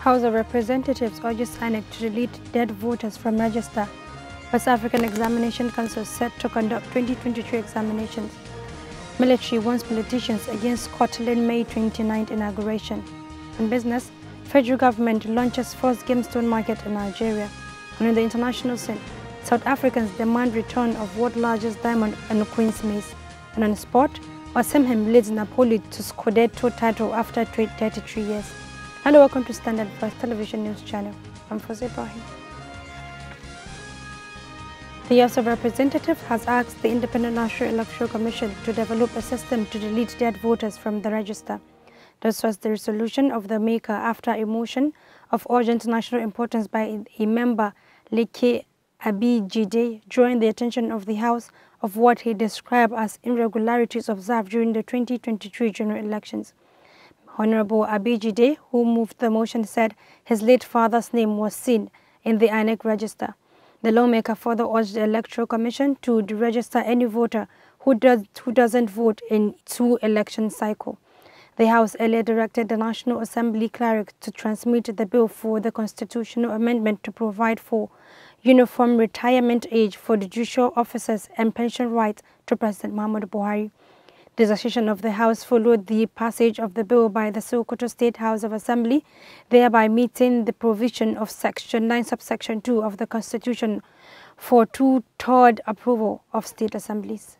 House of Representatives urges INEC to delete dead voters from register. West African Examination Council set to conduct 2023 examinations. Military warns politicians against Scotland May 29 inauguration. In business, federal government launches first gemstone market in Nigeria. And in the international scene, South Africans demand return of world's largest diamond and Queen's Mace. And on sport, Wasemhem leads Napoli to Scudetto title after 33 years. Hello, welcome to Standard Plus Television News Channel. I'm Fose Ibrahim. The House of Representatives has asked the Independent National Electoral Commission to develop a system to delete dead voters from the register. This was the resolution of the maker after a motion of urgent national importance by a member, Leke Abijide, drawing the attention of the House of what he described as irregularities observed during the 2023 general elections. Honorable Abijide, who moved the motion, said his late father's name was seen in the INEC register. The lawmaker further urged the Electoral Commission to deregister any voter who, does, who doesn't vote in two election cycle. The House earlier directed the National Assembly cleric to transmit the bill for the constitutional amendment to provide for uniform retirement age for judicial officers and pension rights to President Mahmoud Buhari. The decision of the House followed the passage of the bill by the Sokoto State House of Assembly, thereby meeting the provision of Section 9, Subsection 2 of the Constitution for two-third approval of state assemblies.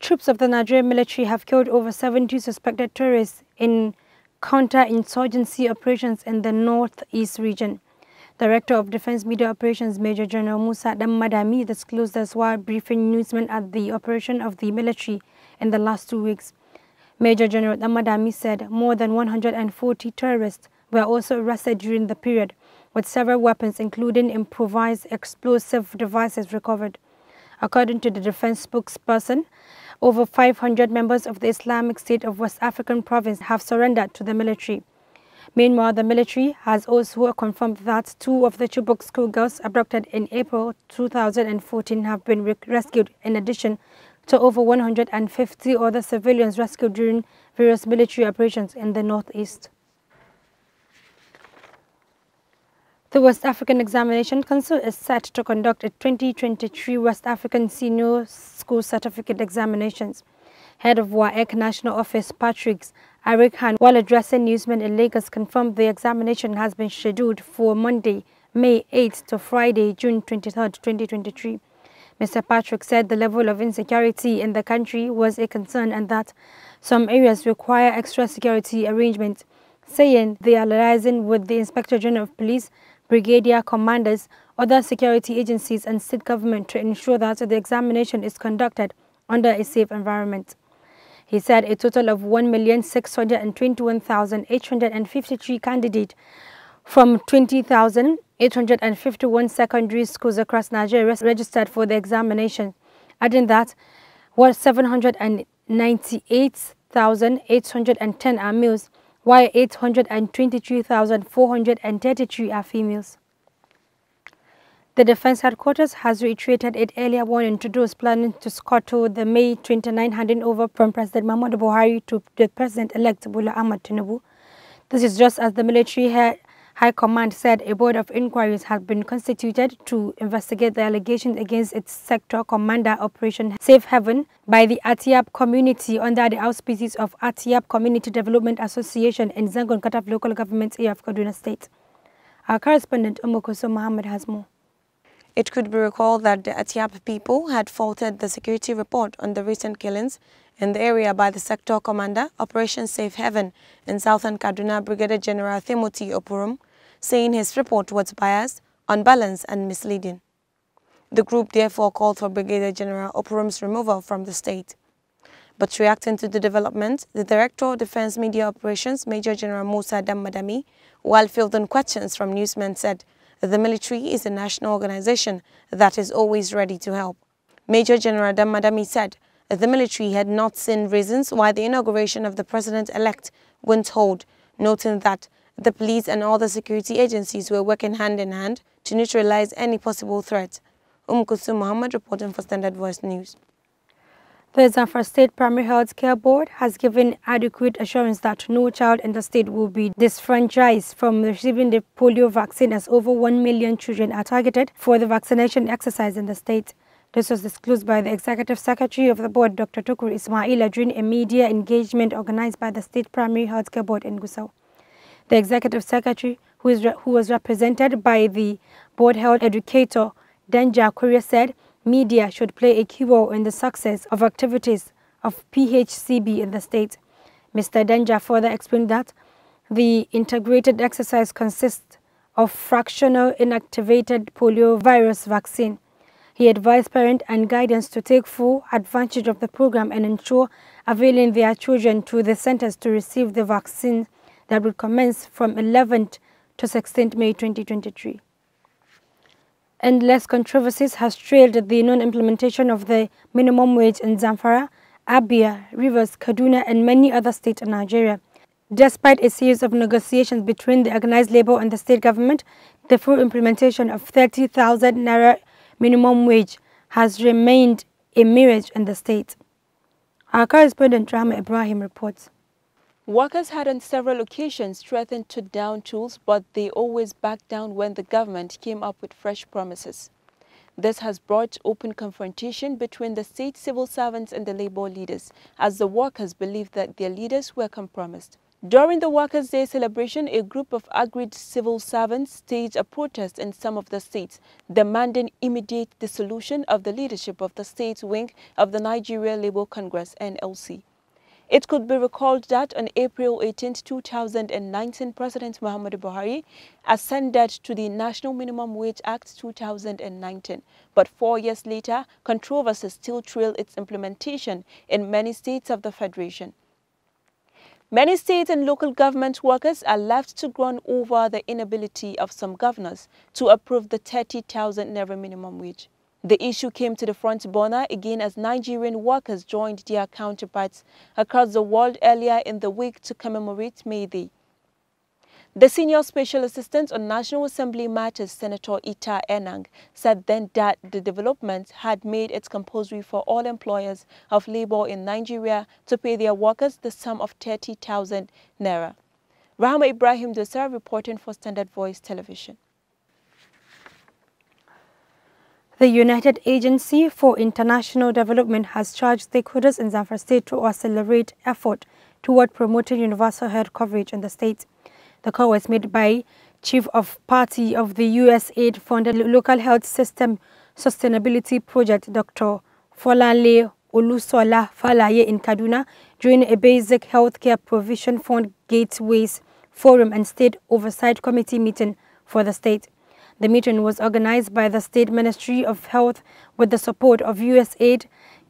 Troops of the Nigerian military have killed over 70 suspected terrorists in counterinsurgency operations in the northeast region. Director of Defense Media Operations Major General Musa Damadami disclosed this while briefing newsmen at the operation of the military in the last two weeks. Major General Damadami said more than 140 terrorists were also arrested during the period, with several weapons including improvised explosive devices recovered. According to the defense spokesperson, over 500 members of the Islamic State of West African Province have surrendered to the military. Meanwhile, the military has also confirmed that two of the Chibok schoolgirls abducted in April 2014 have been rescued, in addition to over 150 other civilians rescued during various military operations in the northeast. The West African Examination Council is set to conduct a 2023 West African Senior School Certificate Examinations. Head of WAEC National Office Patrick Eric Han, while addressing newsmen in Lagos, confirmed the examination has been scheduled for Monday, May 8 to Friday, June 23, 2023. Mr. Patrick said the level of insecurity in the country was a concern and that some areas require extra security arrangements, saying they are liaising with the Inspector General of Police brigadier commanders, other security agencies and state government to ensure that the examination is conducted under a safe environment. He said a total of 1,621,853 candidates from 20,851 secondary schools across Nigeria registered for the examination, adding that what 798,810 are males while 823,433 are females. The Defense Headquarters has reiterated its earlier warning to those planning to scuttle the May 29 handing over from President Mahmoud Buhari to the President-elect Bola Ahmed Tinubu. This is just as the military head High Command said a board of inquiries has been constituted to investigate the allegations against its sector commander Operation Safe Haven by the Atiap community under the auspices of Atiap Community Development Association in Zangon Kataf local government area of Kaduna State. Our correspondent Omokoso Mohammed has more. It could be recalled that the Atiap people had faulted the security report on the recent killings in the area by the sector commander, Operation Safe Haven, in southern Kaduna Brigadier General Timothy Opurum, saying his report was biased, unbalanced and misleading. The group therefore called for Brigadier General Operum's removal from the state. But reacting to the development, the Director of Defense Media Operations, Major General Musa Damadami, while fielding questions from newsmen, said the military is a national organization that is always ready to help. Major General Damadami said the military had not seen reasons why the inauguration of the president-elect went not hold, noting that the police and all the security agencies were working hand in hand to neutralize any possible threat. Um Kusum Muhammad reporting for Standard Voice News. The Zamfara State Primary Health Care Board has given adequate assurance that no child in the state will be disfranchised from receiving the polio vaccine as over 1 million children are targeted for the vaccination exercise in the state. This was disclosed by the Executive Secretary of the Board, Dr. Tukur Ismaila, during a media engagement organized by the State Primary Health Care Board in Gusau the executive secretary, who, is who was represented by the board health educator, Danja Korea, said media should play a key role in the success of activities of PHCB in the state. Mr. Danja further explained that the integrated exercise consists of fractional inactivated poliovirus vaccine. He advised parents and guardians to take full advantage of the program and ensure availing their children to the centers to receive the vaccine that will commence from 11th to 16th May 2023. Endless controversies has trailed the non-implementation of the minimum wage in Zamfara, Abia, Rivers, Kaduna and many other states in Nigeria. Despite a series of negotiations between the organized labor and the state government, the full implementation of 30,000 naira minimum wage has remained a mirage in the state. Our correspondent Rahma Ibrahim reports. Workers had on several occasions threatened to down tools, but they always backed down when the government came up with fresh promises. This has brought open confrontation between the state civil servants and the labor leaders, as the workers believe that their leaders were compromised. During the Workers' Day celebration, a group of agreed civil servants staged a protest in some of the states, demanding immediate dissolution of the leadership of the state wing of the Nigeria Labour Congress, NLC. It could be recalled that on April 18, 2019, President Muhammad Buhari ascended to the National Minimum Wage Act 2019. But four years later, controversies still trail its implementation in many states of the Federation. Many state and local government workers are left to groan over the inability of some governors to approve the 30,000 naira minimum wage. The issue came to the front burner again as Nigerian workers joined their counterparts across the world earlier in the week to commemorate May Day. The senior special assistant on National Assembly matters, Senator Ita Enang, said then that the development had made it compulsory for all employers of labor in Nigeria to pay their workers the sum of 30,000 naira. Rahma Ibrahim Dosar reporting for Standard Voice Television. The United Agency for International Development has charged stakeholders in Zamfara State to accelerate effort toward promoting universal health coverage in the state. The call was made by Chief of Party of the USAID-funded Local Health System Sustainability Project, Dr. Folale Olusola Falaye in Kaduna during a Basic Healthcare Provision Fund Gateways Forum and State Oversight Committee meeting for the state. The meeting was organized by the State Ministry of Health with the support of USAID,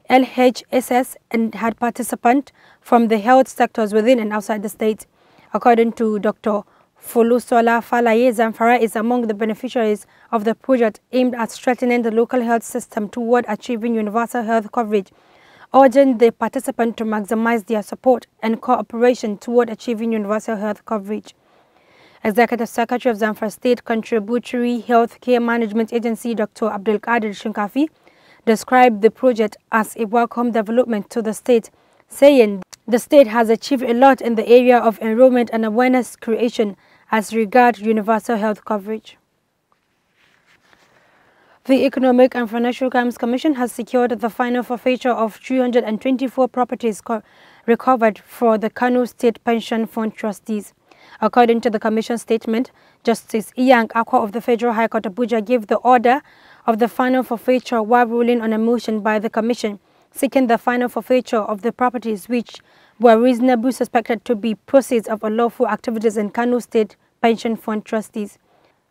LHSS and had participants from the health sectors within and outside the state. According to Dr. Fulusola Falaye, Zamfara is among the beneficiaries of the project aimed at strengthening the local health system toward achieving universal health coverage, urging the participants to maximize their support and cooperation toward achieving universal health coverage. Executive Secretary of Zamfara State Contributory Health Care Management Agency, Dr. Abdulkadir Shinkafi, described the project as a welcome development to the state, saying the state has achieved a lot in the area of enrollment and awareness creation as regards universal health coverage. The Economic and Financial Crimes Commission has secured the final forfeiture of 324 properties recovered for the Kano State Pension Fund trustees. According to the Commission statement, Justice Iyang Akwa of the Federal High Court Abuja gave the order of the final forfeiture while ruling on a motion by the Commission seeking the final forfeiture of the properties which were reasonably suspected to be proceeds of unlawful activities in Kano State Pension Fund trustees.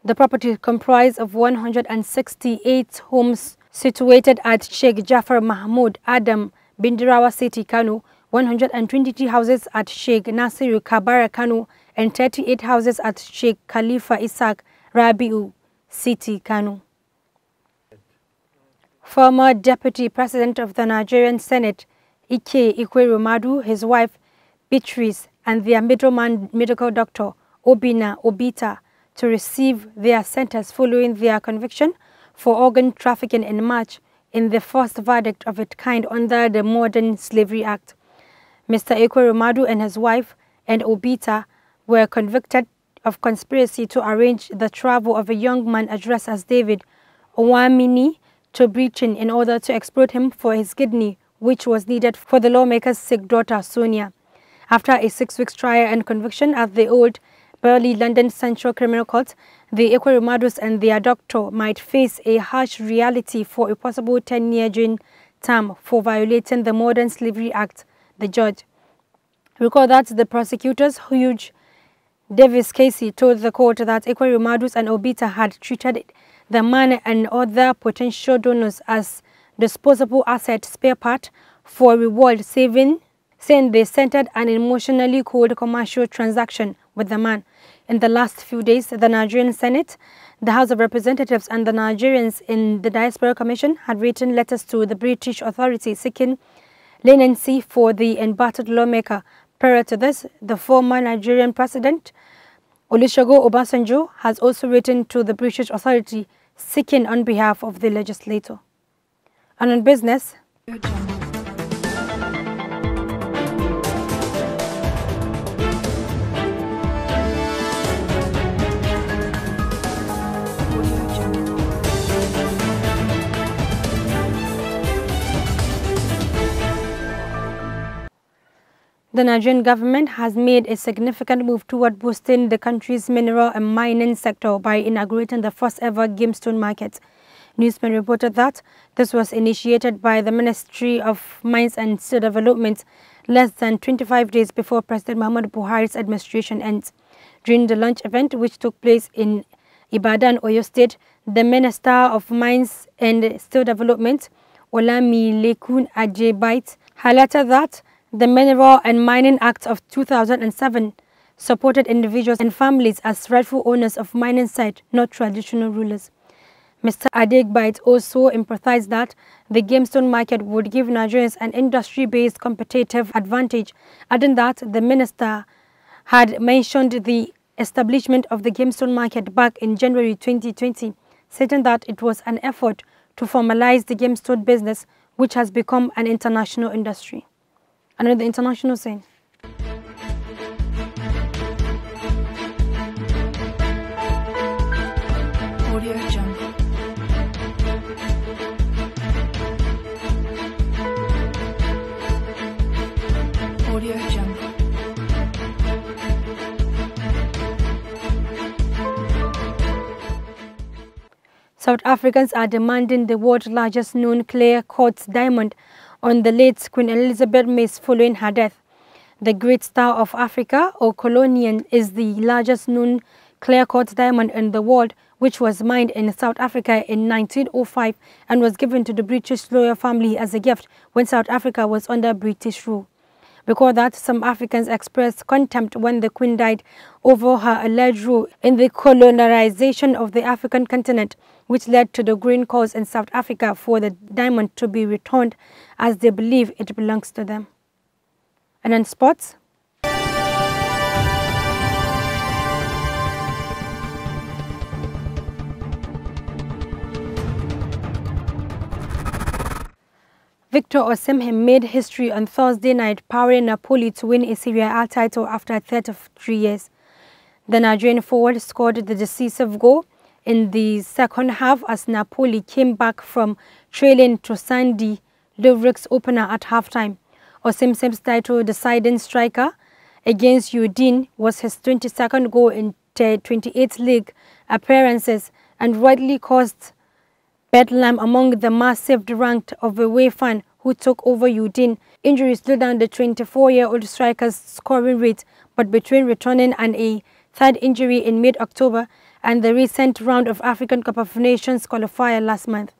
The property comprised of 168 homes situated at Sheikh Jafar Mahmood Adam, Bindirawa City, Kano, 123 houses at Sheikh Nasiru Kabara Kanu and 38 houses at Sheikh Khalifa Isaac Rabiu City Kanu. Former Deputy President of the Nigerian Senate, Ike Madu, his wife Beatrice, and their middleman medical doctor, Obina Obita, to receive their sentence following their conviction for organ trafficking in March in the first verdict of its kind under the Modern Slavery Act. Mr. Ekweremadu and his wife and Obita were convicted of conspiracy to arrange the travel of a young man addressed as David Owamini to Britain in order to exploit him for his kidney, which was needed for the lawmaker's sick daughter, Sonia. After a six-week trial and conviction at the old Burley London Central Criminal Court, the Ekweremadus and their doctor might face a harsh reality for a possible 10-year jail term for violating the Modern Slavery Act the judge. Recall that the prosecutors, huge Davis Casey, told the court that Equerry Madus and Obita had treated the man and other potential donors as disposable asset spare part for reward saving, saying they centered an emotionally cold commercial transaction with the man. In the last few days, the Nigerian Senate, the House of Representatives and the Nigerians in the Diaspora Commission had written letters to the British authorities seeking leniency for the embattled lawmaker. Prior to this, the former Nigerian president, Olusegun Obasanjo, has also written to the British authority seeking on behalf of the legislator. And on business... The Nigerian government has made a significant move toward boosting the country's mineral and mining sector by inaugurating the first ever gemstone market. Newsman reported that this was initiated by the Ministry of Mines and Steel Development less than 25 days before President Muhammad Buhari's administration ends. During the launch event, which took place in Ibadan, Oyo State, the Minister of Mines and Steel Development, Olamilekun Ajebite, highlighted that the Mineral and Mining Act of 2007 supported individuals and families as rightful owners of mining sites, not traditional rulers. Mr. Adegbite also emphasized that the gemstone market would give Nigerians an industry-based competitive advantage, adding that the minister had mentioned the establishment of the gemstone market back in January 2020, stating that it was an effort to formalize the gemstone business, which has become an international industry under the international scene. South Africans are demanding the world's largest known clear quartz diamond on the late Queen Elizabeth May's following her death. The Great Star of Africa, or Colonian, is the largest known clear-cut diamond in the world, which was mined in South Africa in 1905 and was given to the British royal family as a gift when South Africa was under British rule because that some Africans expressed contempt when the Queen died over her alleged role in the colonization of the African continent, which led to the green cause in South Africa for the diamond to be returned as they believe it belongs to them. And in sports, Victor Osimhen made history on Thursday night, powering Napoli to win a Serie A title after 33 years. The Nigerian forward scored the decisive goal in the second half as Napoli came back from trailing to Sandy Lovric's opener at halftime. Osimhen's title deciding striker against Udine was his 22nd goal in 28 league appearances and rightly caused Bedlam among the massive ranked of a away fan who took over Udin. Injuries slowed down the 24-year-old striker's scoring rate, but between returning and a third injury in mid-October and the recent round of African Cup of Nations qualifier last month,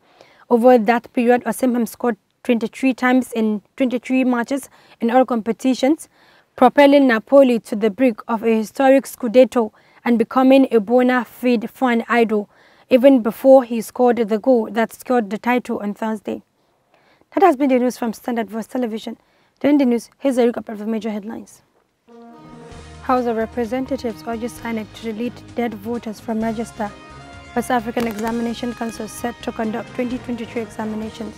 over that period, Osimhen scored 23 times in 23 matches in all competitions, propelling Napoli to the brink of a historic Scudetto and becoming a bona fide fan idol even before he scored the goal that scored the title on Thursday. That has been the news from Standard Voice Television. During the news, here's a recap of the major headlines. House of Representatives urges INEC to delete dead voters from register. West African Examination Council set to conduct 2023 examinations.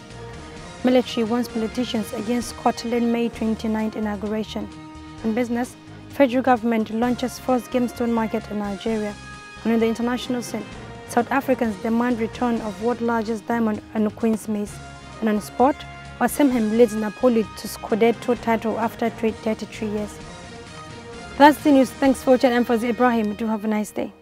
Military warns politicians against Scotland May 29 inauguration. In business, federal government launches first game stone market in Nigeria. And in the international scene, South Africans demand return of world largest diamond and Queen's Mace. And on sport, Wasemhem leads Napoli to Scudetto title after 33 years. That's the news. Thanks for watching. and for Ibrahim. Do have a nice day.